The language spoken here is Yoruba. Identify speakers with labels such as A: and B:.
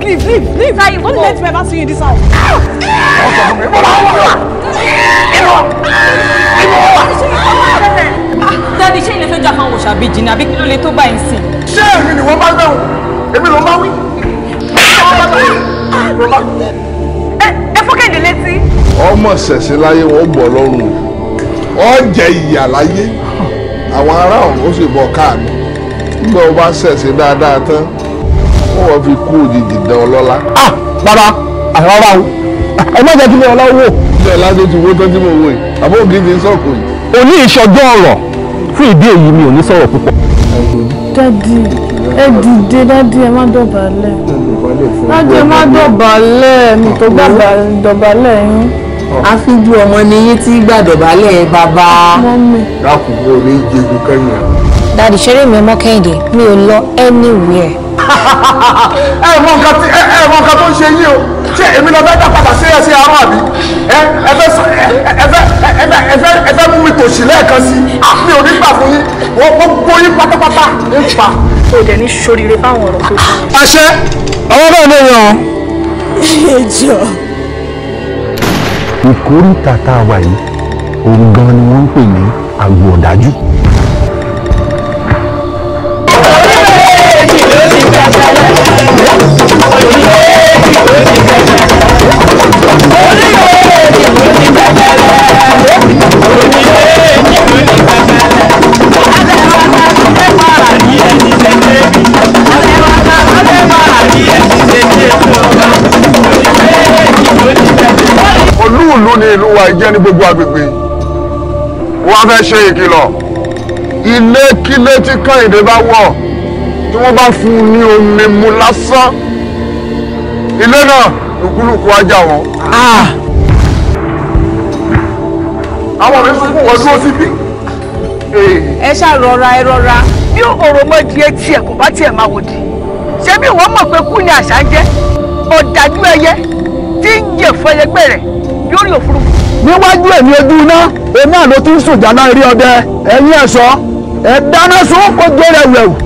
A: Just leave, leave, leave. Now you don't let me ever see you in this house. Dádì ṣé ilé fẹ́ jà fáwọn òṣàbí jìnnà àbí kí ló lè tó báyìí sìn? Ṣé èmi ni wọ́n bá ń bẹ̀rù? Èmi ló máa wí. Ẹ fọ́kẹ́dé létí. Ọmọ ṣẹ̀ṣẹ̀ láyé wọ́n gbọ́ lọ́rùn. Ó jẹ ìyà láyé. Àwọn ará ọ̀hún ó sì bọ̀ káàánú. Nígbà wo bá ṣẹ̀ṣẹ̀ dáadáa tán wọ́n fi kú òjijì dán ọlọ́lá. ah bàbá àrọ́rà o ẹ má jẹ́ kí ilé ọlá wò. ilé ọlá tó ti wó tán tí mo wò yìí àbó ògidì ń sọ̀kò yìí. òní ìṣọjọ́ ọ̀rọ̀ fún ìdí èyí mi ò ní sọ̀rọ̀ púpọ̀. dádì ẹ dìde dádì ẹ má dọ̀bálẹ̀ dádì ẹ má dọ̀bálẹ̀ mi tó gbàgbà dọ̀bálẹ̀ yín àfijú ọmọ ni yín tí gbàdọ̀bálẹ̀ bàbá. dákùnkùn orí jẹ́gun kẹ́yìn. dadi ṣeré mi mọ́ kẹ́hìndé mi ò lọ anywhere ẹ mọ nǹkan tí ẹ mọ nǹkan tó ń ṣe yín o ṣé èmi lọ fẹ́ dá sí ẹ sí arán àbí ẹ ẹ fẹ́ ẹ fẹ́ ẹ fẹ́ ẹ fẹ́ mú mi tòṣì lẹ́ẹ̀kan sí ah, mi ò ní gbà fún yín wọ́n gbogbo yín pátápátá ń pa. o dẹ̀ ní sóríire báwọn ọ̀rọ̀ tó kọ́. àṣẹ ọwọ́ bẹ́ẹ̀ lè yan. ẹjọ. ìkórìtà tá a wà yìí òun ni wọ́n ń pè ní àgbò burú ni ìlú wa ìjẹ́ ní gbogbo agbègbè wọ́n fẹ́ ṣe ìkìlọ̀ ilé kílé tí kẹ́hìndé bá wọ̀ tí wọ́n bá fún un ní omi mu lásán ilé náà lùkúlùkù ajá wọn. Ah! àwọn mi sún fún wọn dúró síbí. ẹ ṣáà rọra ẹ rọra bí òròmọdì etí ẹ kò bá tiẹ̀ máa wò di ṣé bí wọ́n mọ̀ pé kú ni àṣà jẹ́ ọ̀dájú ẹyẹ tí ń yè fún ẹlẹgbẹ́ rẹ̀ lórí òfurufú. níwájú ẹ̀mí ojú iná èmi àlọ́ tún sùn jàǹdà eré ọdẹ ẹ̀yin ẹ̀ṣọ́ ẹ̀ dáná sun kó jẹ́rẹ̀ wẹ̀wù